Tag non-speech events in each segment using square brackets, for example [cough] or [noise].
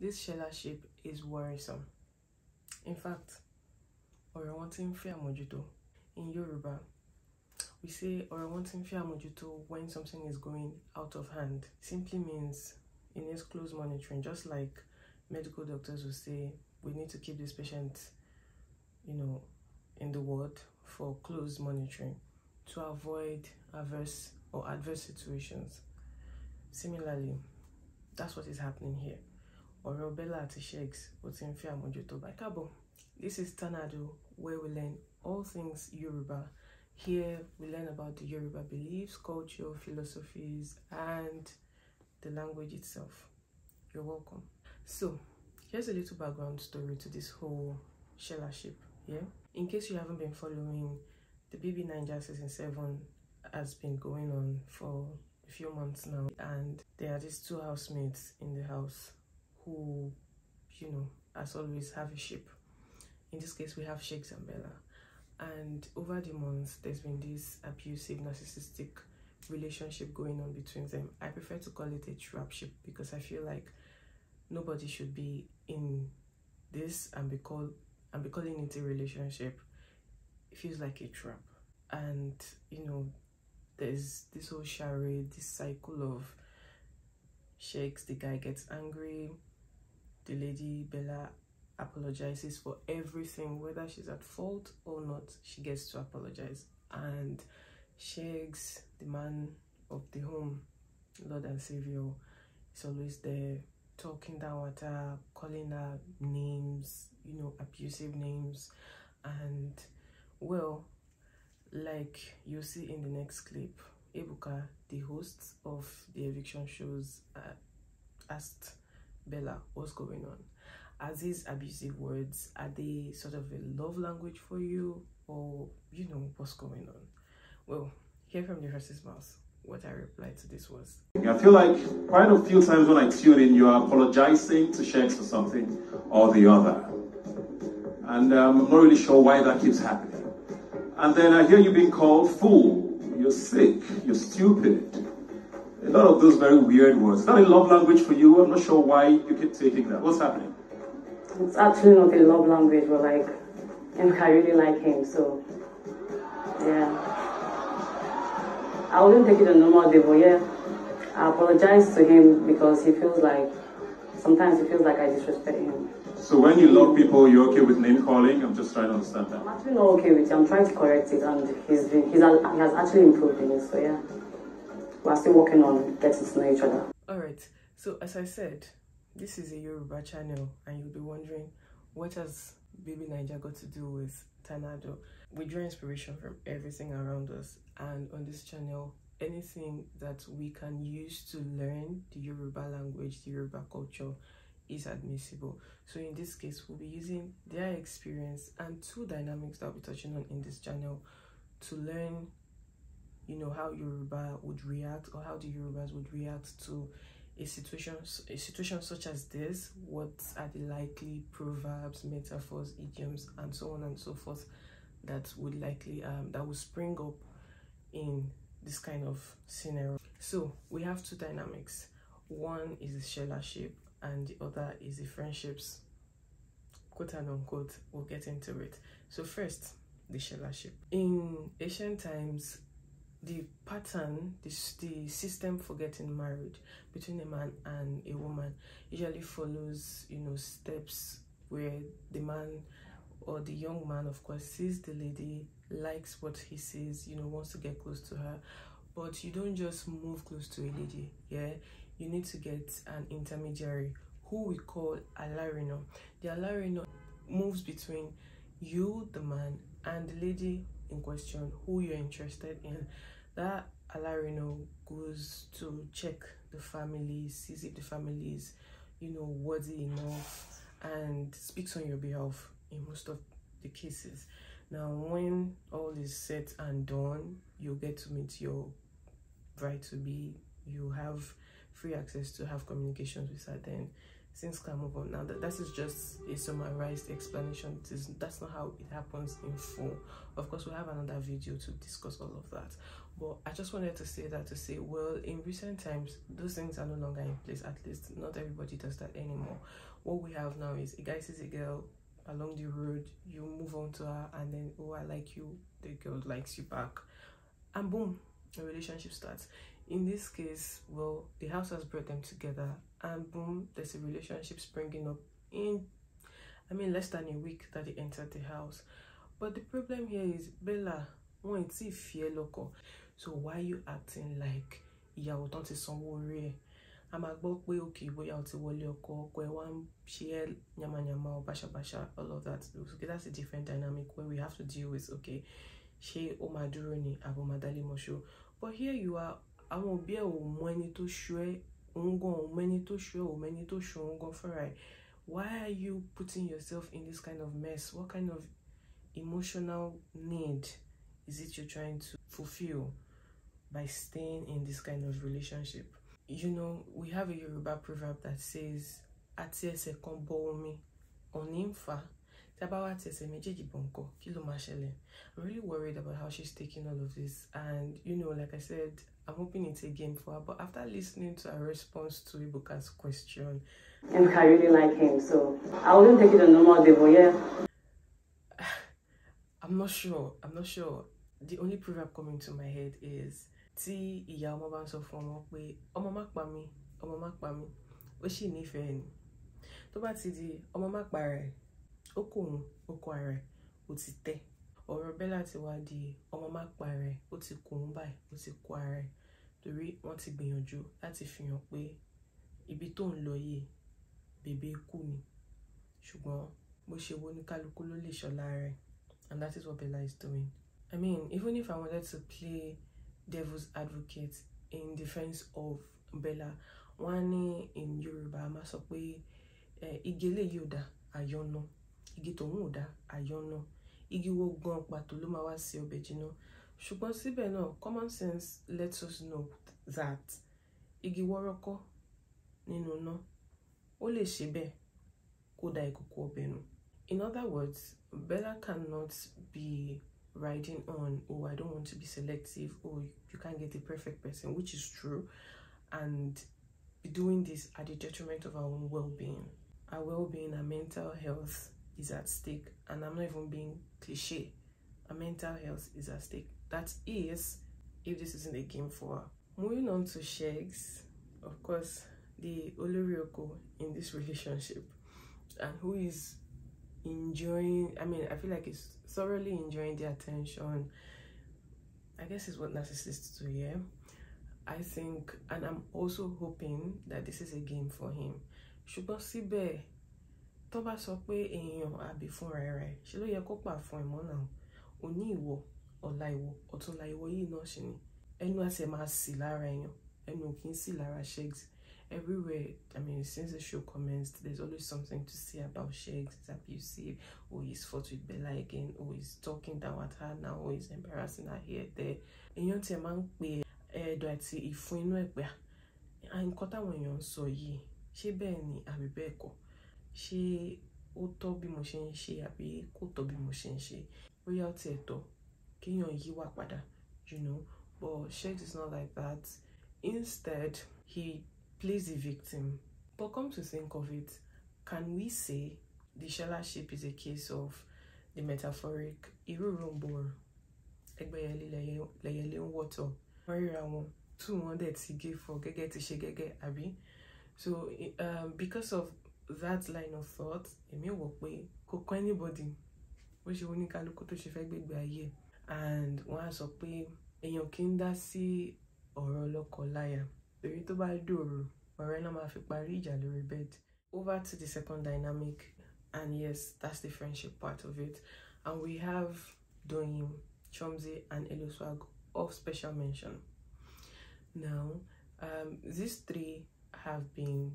this shellar is worrisome. In fact, Orawantin Fiamojuto in Yoruba, we say Orawantin Fiamojuto when something is going out of hand. Simply means it needs close monitoring, just like medical doctors will say we need to keep this patient, you know, in the ward for close monitoring to avoid adverse or adverse situations. Similarly, that's what is happening here ọ̀rọ̀ Bella Shakes, Shex ó ti ń fẹ́ this is Tanado oh, where we learn all things Yoruba here we learn about the Yoruba beliefs culture philosophies and the language itself you're welcome so here's a little background story to this whole shellership yeah in case you haven't been following the bb 9 season 7 has been going on for a few months now and there are these two housemates in the house who, you know, as always, have a ship. In this case, we have Sheikh Zambella. And over the months, there's been this abusive, narcissistic relationship going on between them. I prefer to call it a trap ship because I feel like nobody should be in this and be called and be calling it a relationship. It feels like a trap. And you know, there's this whole charade, this cycle of shakes, the guy gets angry, the lady Bella apologizes for everything, whether she's at fault or not, she gets to apologize. And Shakes, the man of the home, Lord and Savior, is always there talking down at her, calling her names, you know, abusive names. And well, like you'll see in the next clip, Ebuka, the host of the eviction shows, uh, asked Bella, what's going on? Are these abusive words, are they sort of a love language for you? Or, you know, what's going on? Well, hear from the horse's mouth what I replied to this was. I feel like quite a few times when I tune in, you are apologizing to Shex for something or the other. And um, I'm not really sure why that keeps happening. And then I hear you being called fool, you're sick, you're stupid, a lot of those very weird words. Is that a love language for you? I'm not sure why you keep taking that. What's happening? It's actually not a love language, but like, and I really like him, so yeah. I wouldn't take it on normal day, but yeah, I apologize to him because he feels like sometimes he feels like I disrespect him. So when you love people, you're okay with name calling? I'm just trying to understand that. I'm actually not okay with it. I'm trying to correct it, and he's been, he's he has actually improved in it. So yeah. We're still working on getting to know each other. All right. So as I said, this is a Yoruba channel, and you'll be wondering what has Baby Niger got to do with Tanado. We draw inspiration from everything around us, and on this channel, anything that we can use to learn the Yoruba language, the Yoruba culture is admissible. So in this case, we'll be using their experience and two dynamics that we'll be touching on in this channel to learn you know how Yoruba would react or how the Yorubas would react to a situation a situation such as this what are the likely proverbs metaphors idioms and so on and so forth that would likely um, that would spring up in this kind of scenario so we have two dynamics one is the shellership and the other is the friendships quote and unquote we'll get into it so first the shellership in ancient times the pattern, the the system for getting married between a man and a woman usually follows, you know, steps where the man or the young man, of course, sees the lady, likes what he sees, you know, wants to get close to her. But you don't just move close to a lady, yeah? You need to get an intermediary who we call a larino. The larino moves between you, the man, and the lady in question, who you're interested in. That Alarino goes to check the family, sees if the family is, you know, worthy enough and speaks on your behalf in most of the cases. Now, when all is set and done, you'll get to meet your bride to be. You have free access to have communications with her then things can move on now that, that is just a summarized explanation it is that's not how it happens in full of course we'll have another video to discuss all of that but i just wanted to say that to say well in recent times those things are no longer in place at least not everybody does that anymore what we have now is a guy sees a girl along the road you move on to her and then oh i like you the girl likes you back and boom a relationship starts in this case well the house has brought them together and boom there's a relationship springing up in i mean less than a week that he entered the house but the problem here is bella won't see fear local so why are you acting like ìyàwó tán ti sanwó orí ẹ I'm gbọ́ pé okay, o ti wọlé ọkọ ọkọ ẹ wá ń ṣe ẹ yamayama basha basha, all of that okay that's a different dynamic where we have to deal with okay she ó ni àbò máa but here you are àwọn òbí ẹ̀ ò mọ ẹni òun tó show many tó show òun for right. why are you putting yourself in this kind of mess what kind of emotional need is it you're trying to fulfill by staying in this kind of relationship you know we have a Yoruba proverb that says àti ẹsẹ̀ kan bọ omi Tabawa Tese Mejeji Bonko, Kilo Mashele. I'm really worried about how she's taking all of this. And, you know, like I said, I'm hoping it's a game for her. But after listening to her response to Ibuka's question, and I really like him, so I wouldn't take it on normal day, but yeah. [sighs] I'm not sure. I'm not sure. The only proverb coming to my head is tí ìyá ọmọ bá ń sọ fún ọmọ pé ọmọ má pa mí ọmọ má pa mí ó sì nífẹ̀ẹ́ ni tó bá ti di ọmọ má pa rẹ̀ oko òun oko ara ẹ̀ ó ti tẹ́ ọ̀rọ̀ Bella ti wá di ọmọ má pa ara ẹ̀ ó ti kó òun báyìí ó ti kó ara ẹ̀ torí wọ́n ti gbìyànjú láti fi hàn pé ibi tó ń lọ yìí bèbè ikú ni ṣùgbọ́n bó ṣe wo ní kálukú ló lè ṣọlá rẹ̀ and that is what Bella is doing I mean even if I wanted to play devil's advocate in defence of Bella wọ́n ní in Yorùbá a máa sọ pé eh, igi eléyìí ò dá àyọ̀nà igi tòun ò dá igi wo gan pàtó ló máa wá sí ọbẹ̀ jiná ṣùgbọ́n síbẹ̀ common sense lets us know that igi wọ́rọ́kọ́ nínú iná ó lè ṣe bẹ́ẹ̀ kó ìkòkò ọbẹ̀ nù in other words Bella cannot be riding on oh I don't want to be selective oh you can't get the perfect person which is true and be doing this at the detriment of our own well-being our well-being our mental health is at stake. And I'm not even being cliche. A mental health is at stake. That is, if this isn't a game for her. Moving on to Shegs, of course, the Olorioko in this [laughs] relationship and who is enjoying, I mean, I feel like it's thoroughly enjoying the attention. I guess is what narcissists do, yeah. I think, and I'm also hoping that this is a game for him. Ṣùgbọ́n síbẹ̀ tó bá sọ pé èèyàn àbí fúnra rẹ̀ ṣe ló yẹ kó pà fún ẹ mọ́ náà òní ìwọ ọ̀la ìwọ ọ̀túnla ìwọ yìí náà ṣe ni ẹnu àti ẹ máa sì lára èèyàn ẹnu ò kì í sì lára Shegs everywhere I mean since the show commenced there's always something to say about Shegs it's abusive oh is fought with Bella again oh is talking down at her now oh is embarrassing her here there èèyàn tí ẹ máa ń pè ẹ̀ẹ́dọ̀ àti ìfun inú ẹ̀ pé nǹkan táwọn èèyàn ń sọ yìí ṣé bẹ́ẹ̀ ni àbí bẹ́ẹ̀ kọ́ ṣé ó tọ́ bí mo ṣe ń ṣe àbí kò tọ́ bí mo ṣe ń ṣe bóyá ó tiẹ̀ tọ́ kéèyàn yíwà padà you know but Sheikh is not like that instead he plays the victim but come to think of it can we say the shellership is a case of the metaphoric irú ròǹbòrò ẹgbẹ́yẹlé lẹ́yẹlé ń wọ̀tọ̀ wọ́n ríra wọn two hundred ti gé fọ gẹ́gẹ́ ti ṣe gẹ́gẹ́ àbí so um, because of that line of thought èmi wò pé kò kọ́ anybody bó ṣe oníkálukú tó ṣe fẹ́ gbégbé ayé and wọ́n á sọ pé èèyàn kì í dá sí ọ̀rọ̀ lọ́kọ-láya èyí tó bá dòrò ọ̀rẹ́ náà máa fi parí ìjà lórí bed over to the second dynamic and yes that's the friendship part of it and we have Doyin Chomzi, and Eloswag of special mention now um, these three have been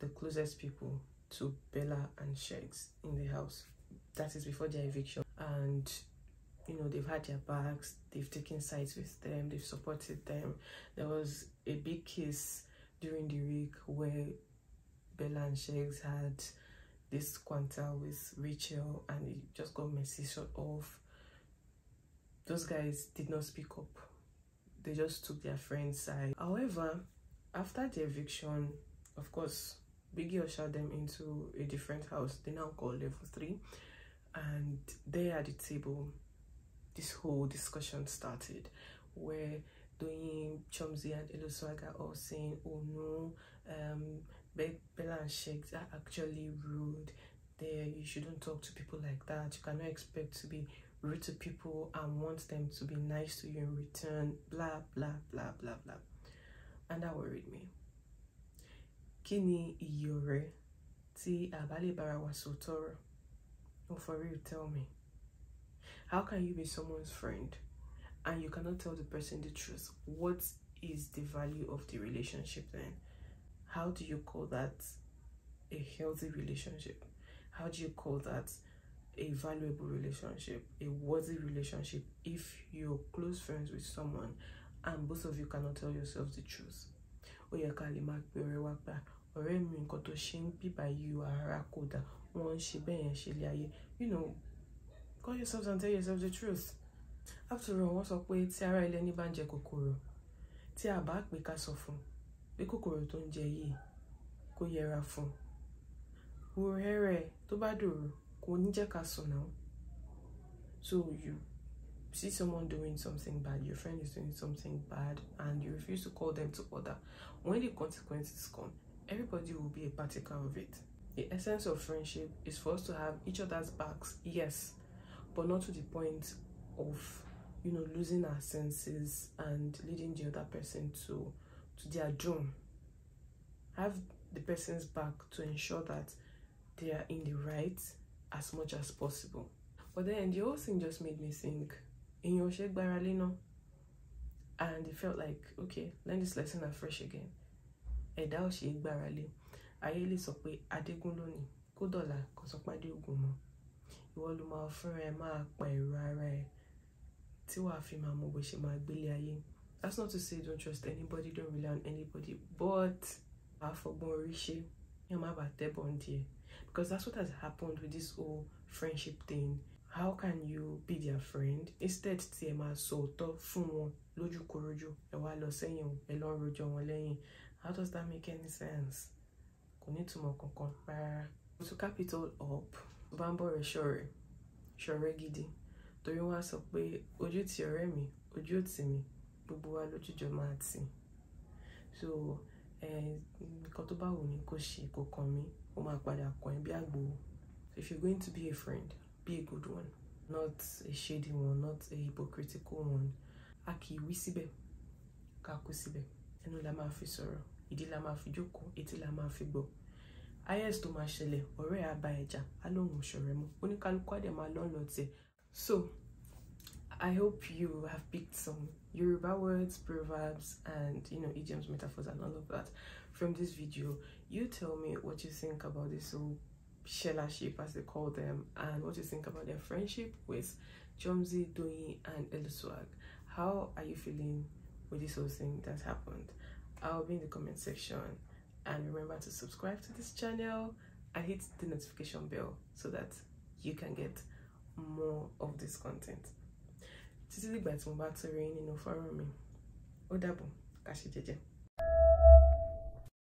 the closest people to Bella and Shags in the house. That is before their eviction. And, you know, they've had their backs, they've taken sides with them, they've supported them. There was a big kiss during the week where Bella and Shags had this quanta with Rachel and it just got messy So off. Those guys did not speak up. They just took their friend's side. However, after the eviction, of course, Biggie ushered them into a different house they now call level three and there at the table this whole discussion started where doing Chomzi and Eloswag all saying, oh no, um, Be Bella and Shakes are actually rude. There, you shouldn't talk to people like that. You cannot expect to be rude to people and want them to be nice to you in return. Blah, blah, blah, blah, blah. And that worried me. Kini ni tí a bá bára wa no for real tell me how can you be someone's friend and you cannot tell the person the truth what is the value of the relationship then how do you call that a healthy relationship how do you call that a valuable relationship a worthy relationship if you're close friends with someone and both of you cannot tell yourselves the truth ó yẹ ká lè máa pe ọ̀rẹ́ wa pé ọ̀rẹ́ mi nǹkan tó ṣe ń bíbà yìí o ara kò dà wọ́n ń ṣe bẹ́ẹ̀ yẹn ṣe lé ayé you know call yourself and tell yourself the truth after all wọ́n sọ pé tí ara ilé ní bá ń jẹ kòkòrò tí a bá pè ká sọ fún pé kòkòrò tó ń jẹ yìí kó yẹra fún wò rẹ́rẹ́ tó bá dòrò kò ní jẹ́ ká sùn náà so you see someone doing something bad, your friend is doing something bad, and you refuse to call them to order, when the consequences come, everybody will be a partaker of it. The essence of friendship is for us to have each other's backs, yes, but not to the point of you know losing our senses and leading the other person to to their doom. Have the person's back to ensure that they are in the right as much as possible. But then the whole thing just made me think èèyàn ò ṣe gbára lé and it felt like okay learn this lesson afresh again ẹ̀dá ò ṣe gbára lé ayé lè sọ pé adégún lónìí kó dọ̀là kó sọ pé adéògùn mọ́ ìwọ ló máa fúnra ẹ máa pa èrò ara ẹ tí wàá fi máa mọ bó ṣe máa gbélé ayé that's not to say don't trust anybody don't rely on anybody but àfọgbọ́n orí ṣe yẹn má bàa tẹ́ bọ̀ ń díẹ̀ because that's what has happened with this whole friendship thing how can you be their friend instead tí ẹ máa sọ òótọ́ fún wọn lójúkorojú ẹ wá lọ sẹ́yìn o ẹ lọ rojọ́ wọn lẹ́yìn how does that make any sense kò ní ìtumọ̀ kankan rárá. to capital up bá ń bọ̀rẹ̀ ṣọ̀rẹ́ ṣọ̀rẹ́ gidi torí wọ́n á sọ pé ojú ti ọ̀rẹ́ mi ojú ò tì gbogbo wa lójújọ máa tì so nǹkan tó bá wù ní kò ṣe kò kàn mí ó máa padà kàn ẹ́ bí àgbo if you're going to be a friend be a good one, not a shady one, not a hypocritical one. Aki wisibe, kakusibe. Ẹnu la máa fi sọ̀rọ̀, ìdí la máa fi jókòó, etí la máa fi gbọ́. Ayes tó máa ṣẹlẹ̀, ọ̀rẹ́ àbá ẹja, alóhùn ṣọ̀rẹ́ mọ́. So, I hope you have picked some Yoruba words, proverbs, and you know idioms, metaphors, and all of that from this video. You tell me what you think about this whole Scholarship, as they call them and what you think about their friendship with Jomzi, Doyi and Eluswag. How are you feeling with this whole thing that happened? I'll be in the comment section and remember to subscribe to this channel and hit the notification bell so that you can get more of this content. Títí dìgbà tí mo bá tún rí nínú